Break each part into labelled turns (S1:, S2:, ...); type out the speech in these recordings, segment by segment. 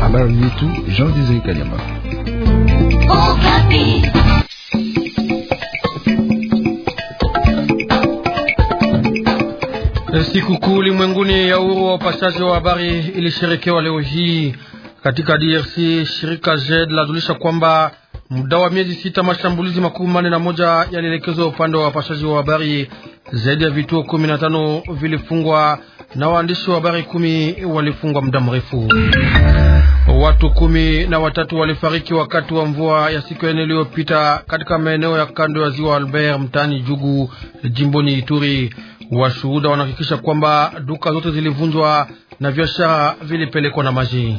S1: Habari yetu Jean Desire Kanyama.
S2: Sikukuu ulimwenguni ya uhuru wa upashaji wa habari ilisherekewa leo hii katika DRC. Shirika JED lajulisha kwamba muda wa miezi sita mashambulizi makumi manne na moja yalielekezwa upande wa wapashaji wa habari. Zaidi ya vituo kumi na tano vilifungwa na waandishi wa habari kumi walifungwa muda mrefu. Watu kumi na watatu walifariki wakati wa mvua ya siku ya nne iliyopita katika maeneo ya kando ya ziwa Albert mtaani Jugu jimboni Ituri. Washuhuda wanahakikisha kwamba duka zote zilivunjwa na biashara vilipelekwa na maji.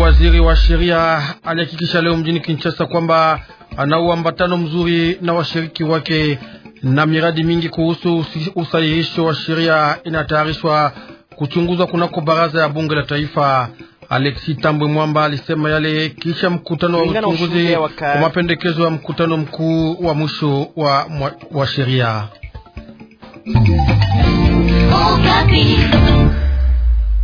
S2: Waziri wa sheria alihakikisha leo mjini Kinshasa kwamba ana uambatano mzuri na washiriki wake na miradi mingi kuhusu usahihisho wa sheria inatayarishwa kuchunguzwa kunako baraza ya bunge la taifa. Alexi Tambwe Mwamba alisema yale kisha mkutano wa uchunguzi wa mapendekezo ya mkutano mkuu wa mwisho wa, wa sheria.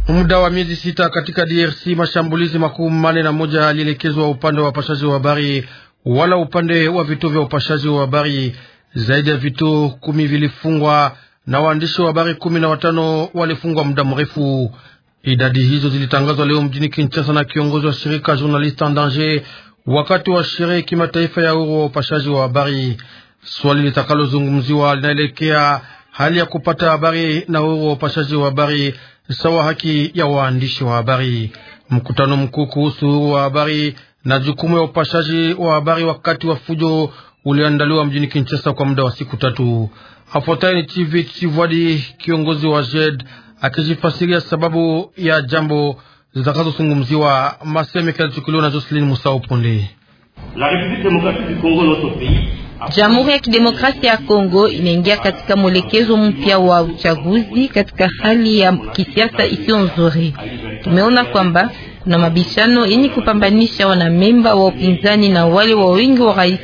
S2: Muda wa miezi sita katika DRC, mashambulizi makuu mane na moja yalielekezwa upande wa upashaji wa habari wala upande wa vituo vya upashaji wa habari. Zaidi ya vituo kumi vilifungwa na waandishi wa habari kumi na watano walifungwa muda mrefu. Idadi hizo zilitangazwa leo mjini Kinshasa na kiongozi wa shirika Journalist en Danger wakati wa sherehe kimataifa ya uhuru wa upashaji wa habari. Swali litakalozungumziwa linaelekea hali ya kupata habari na uhuru wa upashaji wa habari sawa haki ya waandishi wa habari. Mkutano mkuu kuhusu uhuru wa habari na jukumu ya upashaji wa habari wakati wa fujo ulioandaliwa mjini Kinshasa kwa muda wa siku tatu. Afuatayo ni Chivi Chivwadi, kiongozi wa JED, akijifasiria sababu ya jambo zitakazozungumziwa, masemeka yalichukuliwa na Jocelyn Musau punde.
S3: Jamhuri ya
S4: Kidemokrasia ya Kongo inaingia katika mwelekezo mpya wa uchaguzi katika hali ya kisiasa isiyo nzuri. Tumeona kwamba kuna mabishano yenye kupambanisha wanamemba wa upinzani na wale wa wingi wa rais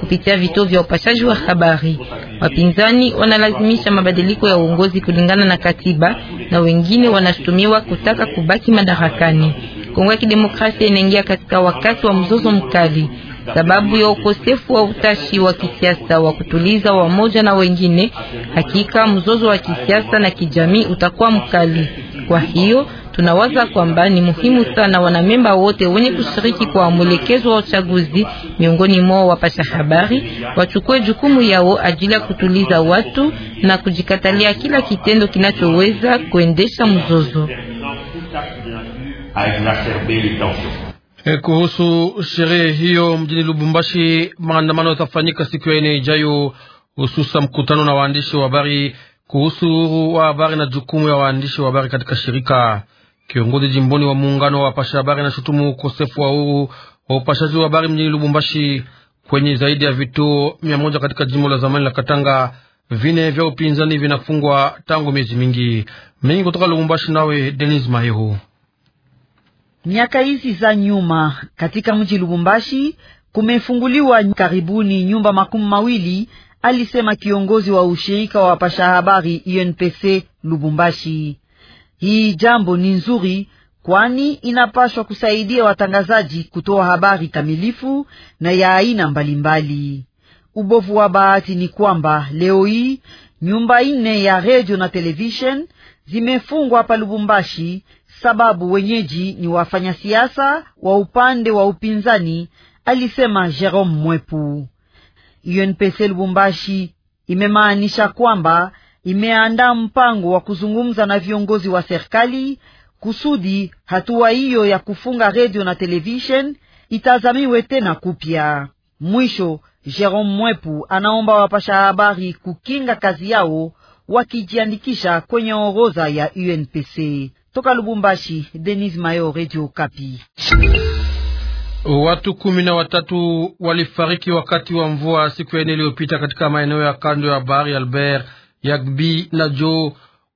S4: kupitia vituo vya upashaji wa habari. Wapinzani wanalazimisha mabadiliko ya uongozi kulingana na katiba, na wengine wanashutumiwa kutaka kubaki madarakani. Kongo ya Kidemokrasia inaingia katika wakati wa mzozo mkali sababu ya ukosefu wa utashi wa kisiasa wa kutuliza wamoja na wengine. Hakika mzozo wa kisiasa na kijamii utakuwa mkali. Kwa hiyo Tunawaza kwamba ni muhimu sana wanamemba wote wenye kushiriki kwa mwelekezo wa uchaguzi, miongoni mwao wapasha habari, wachukue jukumu yao ajili ya kutuliza watu na kujikatalia kila kitendo kinachoweza kuendesha mzozo.
S2: E, kuhusu sherehe hiyo mjini Lubumbashi, maandamano yatafanyika siku ya ine ijayo, hususa mkutano na waandishi wa habari kuhusu uhuru wa habari na jukumu ya waandishi wa habari katika shirika Kiongozi jimboni wa muungano wa pasha habari shutumu ukosefu wa uhuru wa upashaji wa habari mjini Lubumbashi kwenye zaidi ya vituo mia moja katika jimbo la zamani la Katanga vine vya upinzani vinafungwa tangu miezi mingi mingi. Kutoka Lubumbashi nawe Denis Mahehu.
S5: Miaka hizi za nyuma katika mji Lubumbashi kumefunguliwa karibuni nyumba makumi mawili, alisema kiongozi wa ushirika wa wapasha habari UNPC Lubumbashi. Hii jambo ni nzuri, kwani inapaswa kusaidia watangazaji kutoa habari kamilifu na ya aina mbalimbali. Ubovu wa bahati ni kwamba leo hii nyumba nne ya redio na televishen zimefungwa hapa Lubumbashi, sababu wenyeji ni wafanyasiasa wa upande wa upinzani, alisema Jerome Mwepu. UNPC Lubumbashi imemaanisha kwamba imeandaa mpango wa kuzungumza na viongozi wa serikali kusudi hatua hiyo ya kufunga redio na televisheni itazamiwe tena kupya. Mwisho, Jerome Mwepu anaomba wapasha habari kukinga kazi yao wakijiandikisha kwenye orodha ya UNPC. Toka Lubumbashi, Denis Mayo, Radio Kapi.
S2: Watu kumi na watatu walifariki wakati wa mvua siku ya ine iliyopita katika maeneo ya kando ya bahari Albert Yagbi na Jo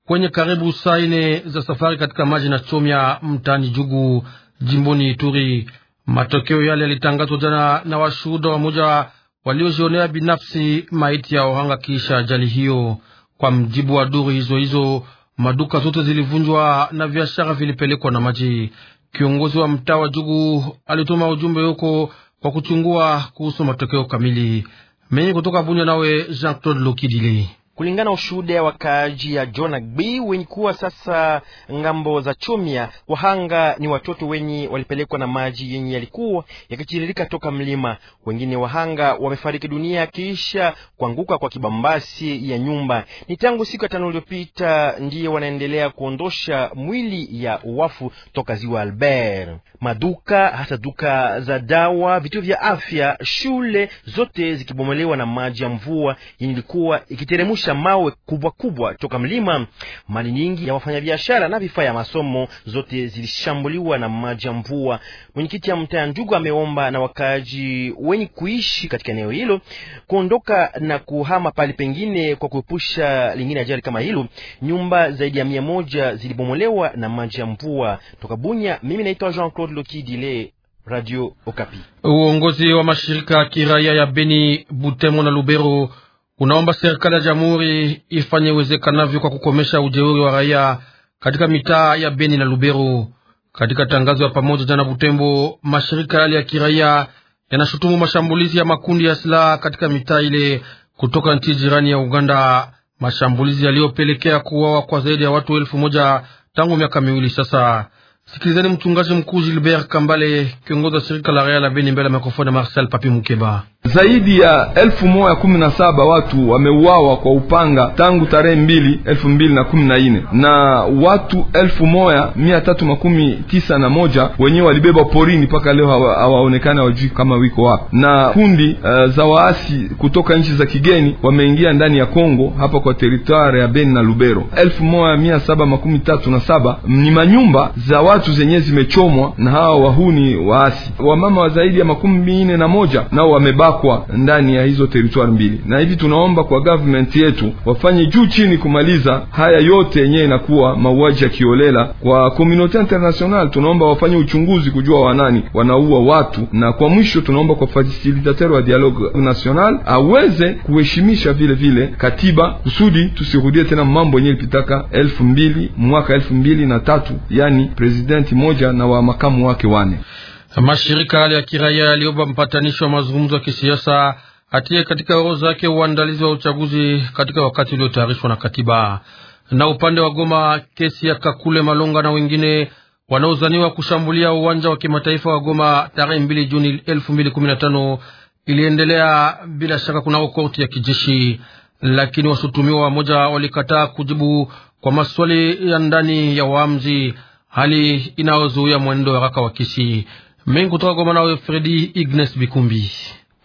S2: kwenye karibu saa nne za safari katika maji na Chomya mtani Jugu jimboni Ituri. Matokeo yale yalitangazwa jana na washuhuda wamoja waliojionea binafsi maiti ya wahanga kisha ajali hiyo. Kwa mjibu wa duru hizo hizo, maduka zote zilivunjwa na biashara vilipelekwa na maji. Kiongozi wa mtaa wa Jugu alituma ujumbe huko kwa kuchungua kuhusu matokeo kamili. Mengi kutoka Bunya, nawe Jean Claude Lokidile
S3: kulingana ushuhuda ya wakaaji ya Jonagbe wenye kuwa sasa ngambo za Chomia. Wahanga ni watoto wenye walipelekwa na maji yenye yalikuwa yakichiririka toka mlima. Wengine wahanga wamefariki dunia kisha kuanguka kwa kibambasi ya nyumba. Ni tangu siku ya tano iliyopita ndiye wanaendelea kuondosha mwili ya uwafu toka ziwa Albert. Maduka hasa duka za dawa, vituo vya afya, shule zote zikibomolewa na maji ya mvua yenye ilikuwa ikiteremusha kusafirisha mawe kubwa kubwa toka mlima. Mali nyingi ya wafanyabiashara na vifaa ya masomo zote zilishambuliwa na maji ya mvua. Mwenyekiti ya mtaa Njugu ameomba na wakaaji wenye kuishi katika eneo hilo kuondoka na kuhama pale pengine kwa kuepusha lingine ajali kama hilo. Nyumba zaidi ya mia moja zilibomolewa na maji ya mvua toka Bunya. Mimi naitwa Jean Claude Lokidile. Radio Okapi.
S2: Uongozi wa mashirika ya kiraia ya Beni, Butemo na Lubero unaomba serikali ya jamhuri ifanye uwezekanavyo kwa kukomesha ujeuri wa raia katika mitaa ya Beni na Lubero. Katika tangazo ya pamoja jana Butembo, mashirika yale ya kiraia yanashutumu mashambulizi ya makundi ya silaha katika mitaa ile kutoka nchi jirani ya Uganda, mashambulizi yaliyopelekea kuuawa kwa zaidi ya watu elfu moja tangu miaka miwili sasa. Sikilizani mchungaji mkuu Gilbert Kambale, kiongozi wa shirika la raia la Beni, mbele ya mikrofoni ya Marcel Papi Mukeba.
S1: Zaidi ya elfu moja kumi na saba watu wameuawa kwa upanga tangu tarehe mbili elfu mbili na kumi na nne na watu elfu moja mia tatu makumi tisa na moja wenyewe walibeba porini mpaka leo hawaonekani, hawajui kama wiko wapi. Na kundi uh, za waasi kutoka nchi za kigeni wameingia ndani ya Kongo hapa kwa teritwari ya Beni na Lubero. elfu moja mia saba makumi tatu na saba ni manyumba za watu zenyewe zimechomwa na hawa wahuni waasi. Wamama wa zaidi ya makumi nne na moja nao wamebaka kupakwa ndani ya hizo teritwari mbili, na hivi tunaomba kwa government yetu wafanye juu chini kumaliza haya yote yenyewe inakuwa mauaji ya kiolela. Kwa community international tunaomba wafanye uchunguzi kujua wanani wanaua watu, na kwa mwisho tunaomba kwa fasilitateur wa dialogue national aweze kuheshimisha vile vile katiba kusudi tusirudie tena mambo yenyewe lipitaka elfu mbili mwaka elfu mbili na tatu yani presidenti moja na wa makamu wake wane.
S2: Mashirika yale ya kiraia yaliomba mpatanishi wa mazungumzo ya kisiasa atie katika orodha yake uandalizi wa uchaguzi katika wakati uliotayarishwa na katiba. Na upande wa Goma, kesi ya Kakule Malonga na wengine wanaozaniwa kushambulia uwanja wa kimataifa wa Goma tarehe 2 Juni 2015 iliendelea bila shaka kunako korti ya kijeshi, lakini washutumiwa wamoja walikataa kujibu kwa maswali ya ndani ya waamzi, hali inayozuia mwenendo haraka wa kesi. Mengi kutoka kwa mwanawe Fredi Ignes Bikumbi.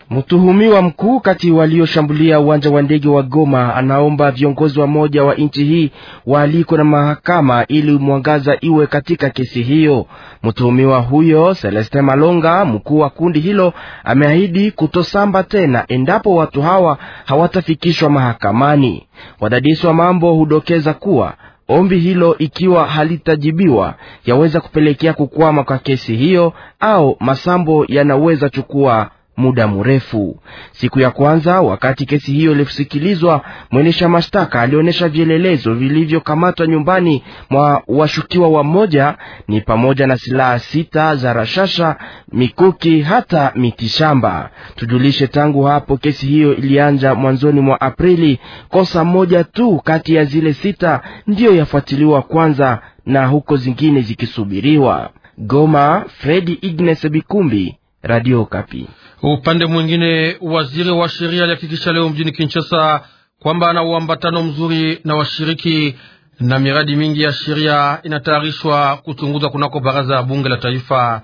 S6: Mtuhumiwa mkuu kati walioshambulia uwanja wa ndege wa Goma anaomba viongozi wa moja wa nchi hii waalikwe na mahakama ili mwangaza iwe katika kesi hiyo. Mtuhumiwa huyo Celeste Malonga, mkuu wa kundi hilo, ameahidi kutosamba tena endapo watu hawa hawatafikishwa mahakamani. Wadadisi wa mambo hudokeza kuwa Ombi hilo ikiwa halitajibiwa, yaweza kupelekea kukwama kwa kesi hiyo, au masambo yanaweza chukua muda mrefu. Siku ya kwanza, wakati kesi hiyo ilisikilizwa, mwendesha mashtaka alionyesha vielelezo vilivyokamatwa nyumbani mwa washukiwa wa moja, ni pamoja na silaha sita za rashasha, mikuki, hata mitishamba. Tujulishe, tangu hapo kesi hiyo ilianja mwanzoni mwa Aprili. Kosa moja tu kati ya zile sita ndiyo yafuatiliwa kwanza, na huko zingine zikisubiriwa. Goma, Fredi Ignace Bikumbi, Radio Kapi.
S2: Upande mwingine, waziri wa sheria alihakikisha leo mjini Kinshasa kwamba ana uambatano mzuri na washiriki na miradi mingi ya sheria inatayarishwa kuchunguzwa kunako baraza ya bunge la taifa.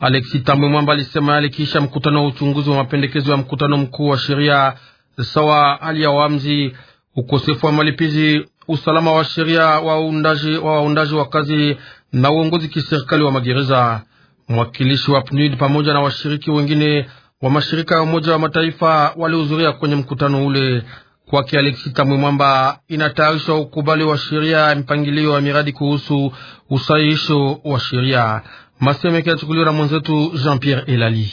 S2: Alexi Tambwe Mwamba alisema alikiisha mkutano wa uchunguzi wa mapendekezo ya mkutano mkuu wa sheria sawa hali ya wamzi, ukosefu wa malipizi, usalama wa sheria wa waundaji wa kazi na uongozi kiserikali wa magereza. Mwakilishi wa PNUD pamoja na washiriki wengine wa mashirika ya Umoja wa Mataifa walihudhuria kwenye mkutano ule. Kwake Alexi Tambwe Mwamba, inatayarishwa ukubali wa sheria ya mpangilio ya miradi kuhusu usahihisho wa sheria. Masemeke yachukuliwa na mwenzetu Jean Pierre Elali.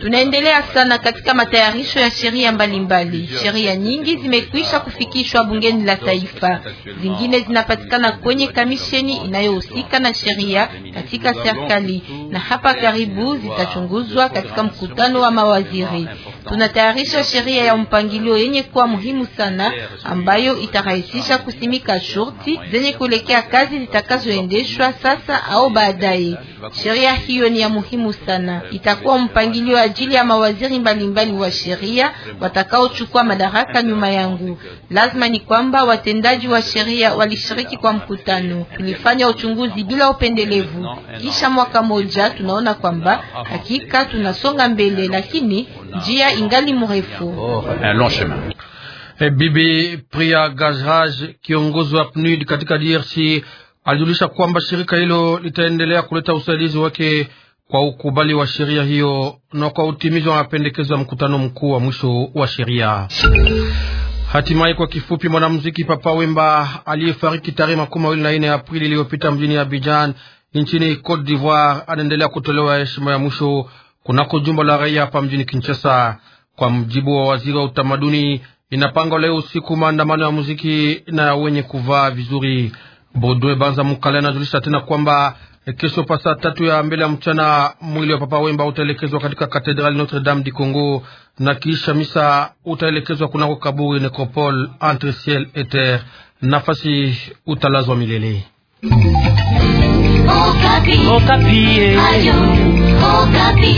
S4: Tunaendelea sana katika matayarisho ya sheria mbalimbali. Sheria nyingi zimekwisha kufikishwa bungeni la taifa, zingine zinapatikana kwenye kamisheni inayohusika na sheria katika serikali, na hapa karibu zitachunguzwa katika mkutano wa mawaziri. Tunatayarisha sheria ya mpangilio yenye kuwa muhimu sana, ambayo itarahisisha kusimika shurti zenye kuelekea kazi zitakazoendeshwa sasa au baadaye. Sheria hiyo ni ya muhimu sana, itakuwa mpangilio ajili ya mawaziri mbalimbali wa sheria watakaochukua madaraka nyuma yangu. Lazima ni kwamba watendaji wa sheria walishiriki kwa mkutano. Tulifanya uchunguzi bila upendelevu, kisha mwaka moja tunaona kwamba hakika tunasonga mbele, lakini njia ingali mrefu.
S2: Oh, eh, hey, eh, Bibi Priya Gazraj, kiongozi wa PNUD katika DRC, alijulisha kwamba shirika hilo litaendelea kuleta usaidizi wake kwa ukubali wa sheria hiyo na kwa utimizi wa mapendekezo ya mkutano mkuu wa mwisho wa sheria. Hatimaye, kwa kifupi, mwanamuziki Papa Wemba aliyefariki tarehe makumi mawili na nne Aprili iliyopita mjini Abidjan nchini Cote d'Ivoire anaendelea kutolewa heshima ya mwisho kunako jumba la raia hapa mjini Kinshasa. Kwa mjibu wa waziri wa utamaduni, inapanga leo usiku maandamano ya muziki na wenye kuvaa vizuri. Bodwe Banza Mukale anajulisha tena kwamba kesho pasaa tatu ya mbele ya mchana mwili wa Papa Wemba utaelekezwa katika katedrali Notre Dame du Congo, na kisha misa utaelekezwa kunako kaburi Necropole entre ciel et terre, nafasi utalazwa milele.
S5: Okapi. Okapi. Okapi.